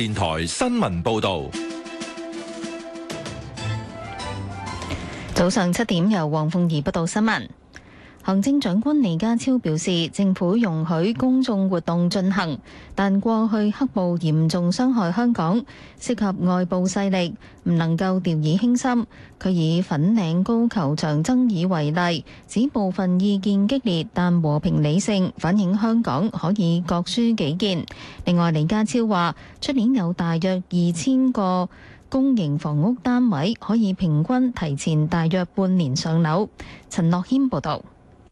電台新聞報道。早上七點，由黃鳳儀報道新聞。行政長官李家超表示，政府容許公眾活動進行，但過去黑暴嚴重傷害香港，涉及外部勢力，唔能夠掉以輕心。佢以粉嶺高球場爭議為例，指部分意見激烈，但和平理性，反映香港可以各抒己見。另外，李家超話，出年有大約二千個公營房屋單位可以平均提前大約半年上樓。陳樂軒報導。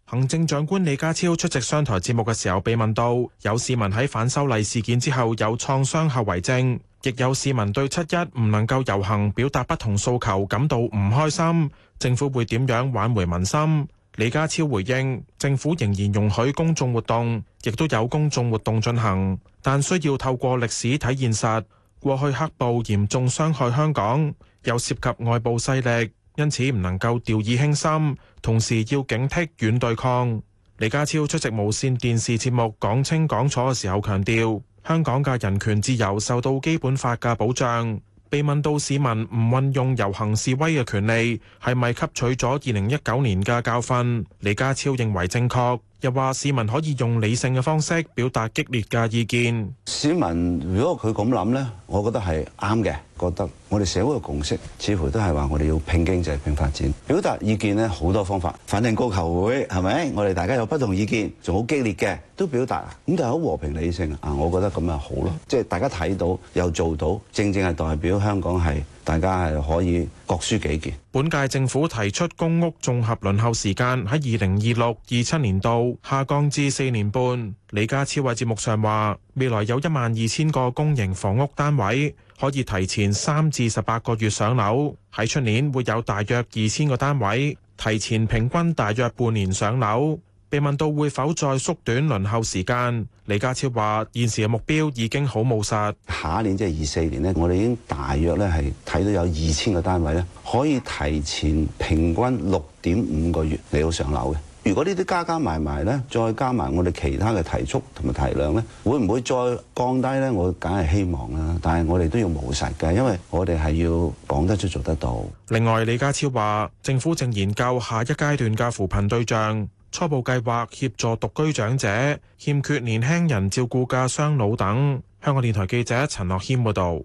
行政長官李家超出席商台節目嘅時候，被問到有市民喺反修例事件之後有創傷後遺症，亦有市民對七一唔能夠遊行表達不同訴求感到唔開心，政府會點樣挽回民心？李家超回應：政府仍然容許公眾活動，亦都有公眾活動進行，但需要透過歷史睇現實。過去黑暴嚴重傷害香港，又涉及外部勢力。因此唔能夠掉以輕心，同時要警惕軟對抗。李家超出席無線電視節目講清講楚嘅時候強調，香港嘅人權自由受到基本法嘅保障。被問到市民唔運用遊行示威嘅權利係咪吸取咗二零一九年嘅教訓，李家超認為正確。又話市民可以用理性嘅方式表達激烈嘅意見。市民如果佢咁諗呢，我覺得係啱嘅。覺得我哋社會嘅共識似乎都係話我哋要拼經濟、拼發展。表達意見呢，好多方法，反正過球會係咪？我哋大家有不同意見，仲好激烈嘅都表達啊。咁但係好和平理性啊，我覺得咁咪好咯。即係大家睇到又做到，正正係代表香港係。大家係可以各抒己見，本屆政府提出公屋綜合輪候時間喺二零二六、二七年度下降至四年半。李家超喺節目上話，未來有一萬二千個公營房屋單位可以提前三至十八個月上樓，喺出年會有大約二千個單位提前平均大約半年上樓。被問到會否再縮短輪候時間，李家超話：現時嘅目標已經好務實。下一年即係二四年呢，我哋已經大約咧係睇到有二千個單位咧，可以提前平均六點五個月嚟到上樓嘅。如果呢啲加加埋埋咧，再加埋我哋其他嘅提速同埋提量咧，會唔會再降低咧？我梗係希望啦，但係我哋都要務實嘅，因為我哋係要講得出做得到。另外，李家超話，政府正研究下一階段嘅扶貧對象。初步計劃協助獨居長者欠缺年輕人照顧嘅雙老等。香港電台記者陳樂謙報道，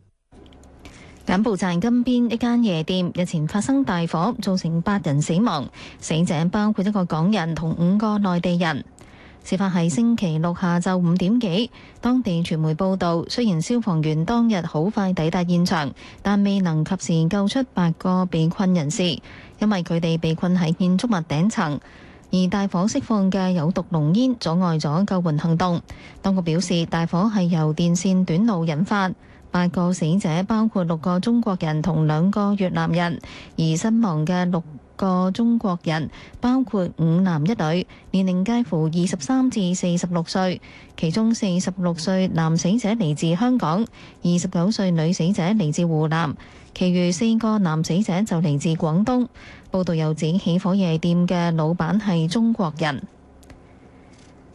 柬埔寨金邊一間夜店日前發生大火，造成八人死亡，死者包括一個港人同五個內地人。事發喺星期六下晝五點幾。當地傳媒報道，雖然消防員當日好快抵達現場，但未能及時救出八個被困人士，因為佢哋被困喺建築物頂層。而大火釋放嘅有毒濃煙阻礙咗救援行動。當局表示，大火係由電線短路引發。八個死者包括六個中國人同兩個越南人，而身亡嘅六個中國人包括五男一女，年齡介乎二十三至四十六歲，其中四十六歲男死者嚟自香港，二十九歲女死者嚟自湖南。其餘四個男死者就嚟自廣東。報道又指起火夜店嘅老闆係中國人。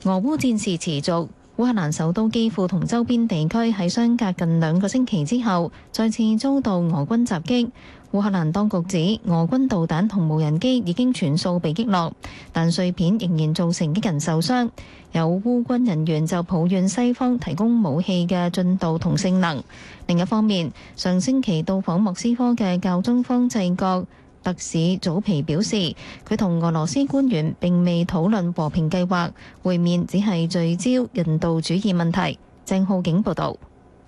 俄烏戰事持續。烏克蘭首都基輔同周邊地區喺相隔近兩個星期之後，再次遭到俄軍襲擊。烏克蘭當局指俄軍導彈同無人機已經全數被擊落，但碎片仍然造成一人受傷。有烏軍人員就抱怨西方提供武器嘅進度同性能。另一方面，上星期到訪莫斯科嘅教宗方濟各。特使早前表示，佢同俄羅斯官員並未討論和平計劃，會面只係聚焦人道主義問題，鄭浩景報道。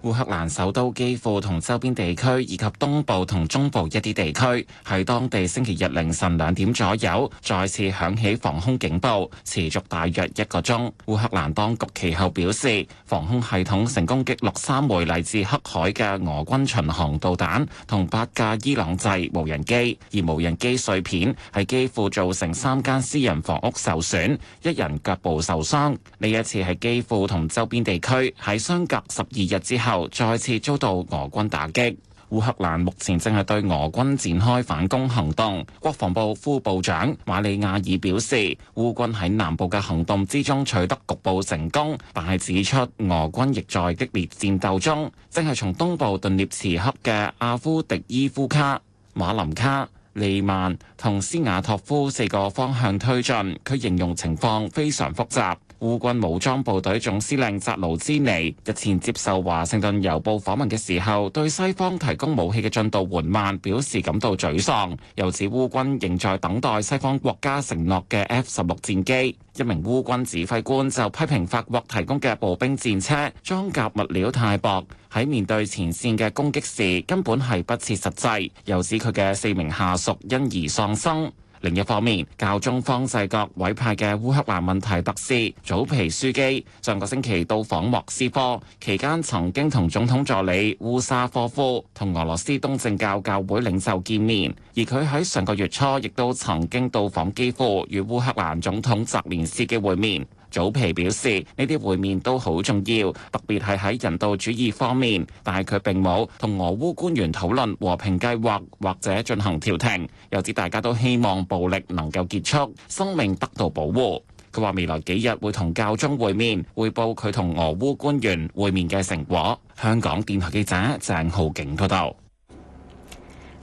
烏克蘭首都基輔同周邊地區以及東部同中部一啲地區，喺當地星期日凌晨兩點左右再次響起防空警報，持續大約一個鐘。烏克蘭當局其後表示，防空系統成功擊落三枚嚟自黑海嘅俄軍巡航導彈同八架伊朗製無人機，而無人機碎片喺基輔造成三間私人房屋受損，一人腳部受傷。呢一次係基輔同周邊地區喺相隔十二日之後後再次遭到俄軍打擊，烏克蘭目前正係對俄軍展開反攻行動。國防部副部長馬里亞爾表示，烏軍喺南部嘅行動之中取得局部成功，但係指出俄軍亦在激烈戰鬥中，正係從東部頓涅茨克嘅阿夫迪伊夫卡、馬林卡、利曼同斯瓦托夫四個方向推進，佢形容情況非常複雜。烏軍武裝部隊總司令扎魯茲尼日前接受華盛頓郵報訪問嘅時候，對西方提供武器嘅進度緩慢表示感到沮喪，又指烏軍仍在等待西方國家承諾嘅 F 十六戰機。一名烏軍指揮官就批評法國提供嘅步兵戰車裝甲物料太薄，喺面對前線嘅攻擊時根本係不切實際，又指佢嘅四名下屬因而喪生。另一方面，教宗方濟各委派嘅烏克蘭問題特使、祖皮樞機，上個星期到訪莫斯科，期間曾經同總統助理烏沙科夫同俄羅斯東正教教會領袖見面，而佢喺上個月初亦都曾經到訪基輔，與烏克蘭總統澤連斯基會面。祖皮表示，呢啲會面都好重要，特別係喺人道主義方面。但係佢並冇同俄烏官員討論和平計劃或者進行調停，又指大家都希望暴力能夠結束，生命得到保護，佢話未來幾日會同教宗會面，匯報佢同俄烏官員會面嘅成果。香港電台記者鄭浩景報道。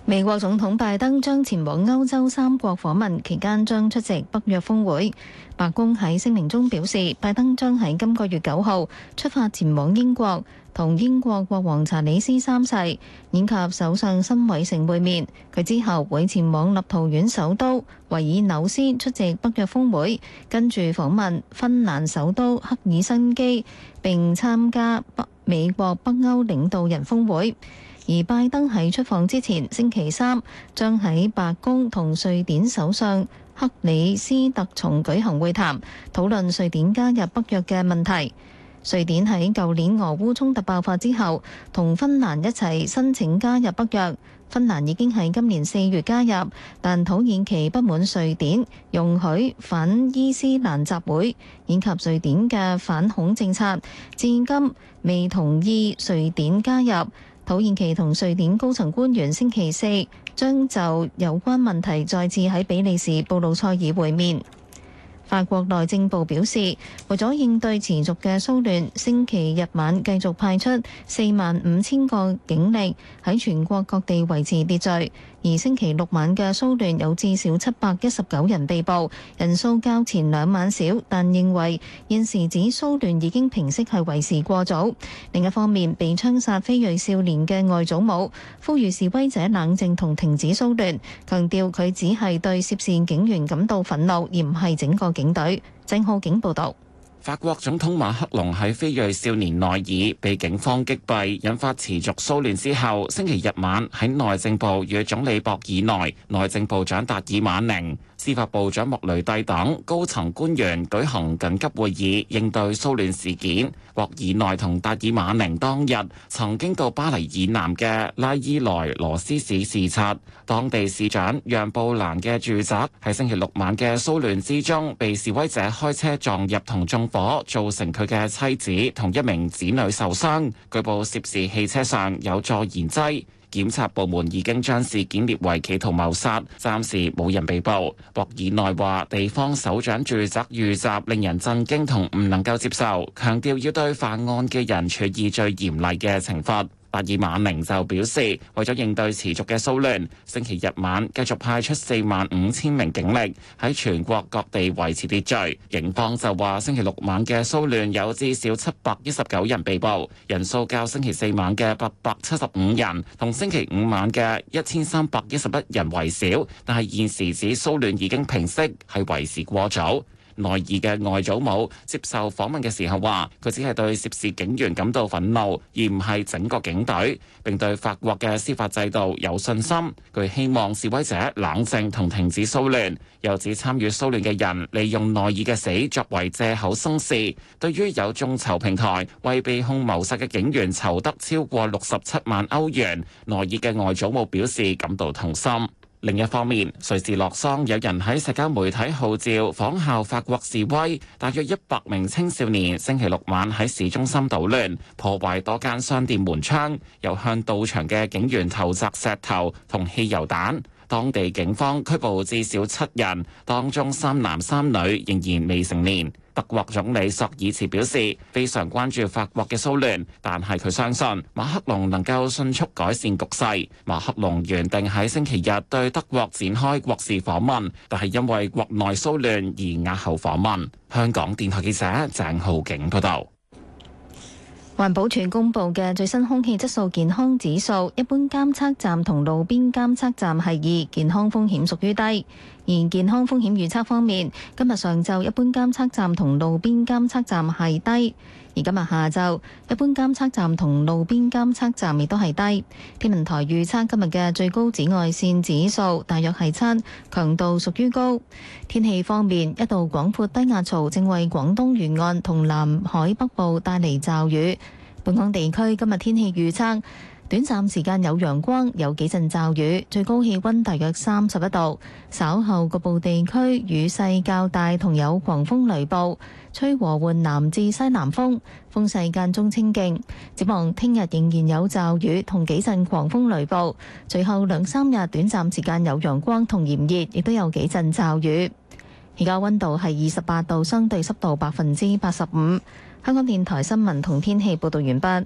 美國總統拜登將前往歐洲三國訪問，期間將出席北約峰會。白宮喺聲明中表示，拜登將喺今個月九號出發前往英國，同英國國王查理斯三世以及首相辛偉誠會面。佢之後會前往立陶宛首都維爾紐斯出席北約峰會，跟住訪問芬蘭首都赫爾辛基，並參加北美國北歐領導人峰會。而拜登喺出訪之前，星期三將喺白宮同瑞典首相克里斯特松舉行會談，討論瑞典加入北約嘅問題。瑞典喺舊年俄烏衝突爆發之後同芬蘭一齊申請加入北約，芬蘭已經喺今年四月加入，但土耳其不滿瑞典容許反伊斯蘭集會以及瑞典嘅反恐政策，至今未同意瑞典加入。土耳其同瑞典高層官員星期四將就有關問題再次喺比利時布魯塞爾會面。法國內政部表示，為咗應對持續嘅騷亂，星期日晚繼續派出四萬五千個警力喺全國各地維持秩序。而星期六晚嘅騷亂有至少七百一十九人被捕，人數較前兩晚少，但認為現時指騷亂已經平息係為時過早。另一方面，被槍殺非裔少年嘅外祖母呼籲示威者冷靜同停止騷亂，強調佢只係對涉事警員感到憤怒，而唔係整個警隊，鄭浩景報道。法國總統馬克龍喺非裔少年內爾被警方擊斃，引發持續騷亂之後，星期日晚喺內政部與總理博爾內、內政部長達爾馬寧、司法部長莫雷蒂等高層官員舉行緊急會議，應對騷亂事件。博爾內同達爾馬寧當日曾經到巴黎以南嘅拉伊萊羅斯市視察，當地市長讓布蘭嘅住宅喺星期六晚嘅騷亂之中被示威者開車撞入同中。火造成佢嘅妻子同一名子女受傷，據報涉事汽車上有助燃劑，檢察部門已經將事件列為企圖謀殺，暫時冇人被捕。博爾內話：地方首長住宅遇襲令人震驚同唔能夠接受，強調要對犯案嘅人處以最嚴厲嘅懲罰。達爾馬寧就表示，為咗應對持續嘅騷亂，星期日晚繼續派出四萬五千名警力喺全國各地維持秩序。警方就話，星期六晚嘅騷亂有至少七百一十九人被捕，人數較星期四晚嘅八百七十五人同星期五晚嘅一千三百一十一人為少，但係現時指騷亂已經平息，係為時過早。內爾嘅外祖母接受訪問嘅時候話：佢只係對涉事警員感到憤怒，而唔係整個警隊。並對法國嘅司法制度有信心。佢希望示威者冷靜同停止騷亂，又指參與騷亂嘅人利用內爾嘅死作為藉口生事。對於有眾籌平台為被控謀殺嘅警員籌得超過六十七萬歐元，內爾嘅外祖母表示感到痛心。另一方面，瑞士洛桑有人喺社交媒體號召仿效法國示威，大約一百名青少年星期六晚喺市中心搗亂，破壞多間商店門窗，又向到場嘅警員投擲石頭同汽油彈。當地警方拘捕至少七人，當中三男三女仍然未成年。德國總理朔爾茨表示非常關注法國嘅騷亂，但係佢相信馬克龍能夠迅速改善局勢。馬克龍原定喺星期日對德國展開國事訪問，但係因為國內騷亂而押後訪問。香港電台記者鄭浩景報道。環保署公布嘅最新空氣質素健康指數，一般監測站同路邊監測站係二，健康風險屬於低。而健康風險預測方面，今日上晝一般監測站同路邊監測站係低。而今日下晝一般監測站同路邊監測站亦都係低。天文台預測今日嘅最高紫外線指數大約係七，強度屬於高。天氣方面，一道廣闊低壓槽正為廣東沿岸同南海北部帶嚟驟雨。本港地區今日天氣預測。短暫時間有陽光，有幾陣驟雨，最高氣溫大約三十一度。稍後局部地區雨勢較大，同有狂風雷暴，吹和緩南至西南風，風勢間中清勁。展望聽日仍然有驟雨同幾陣狂風雷暴，隨後兩三日短暫時間有陽光同炎熱，亦都有幾陣驟雨。而家温度係二十八度，相對濕度百分之八十五。香港電台新聞同天氣報道完畢。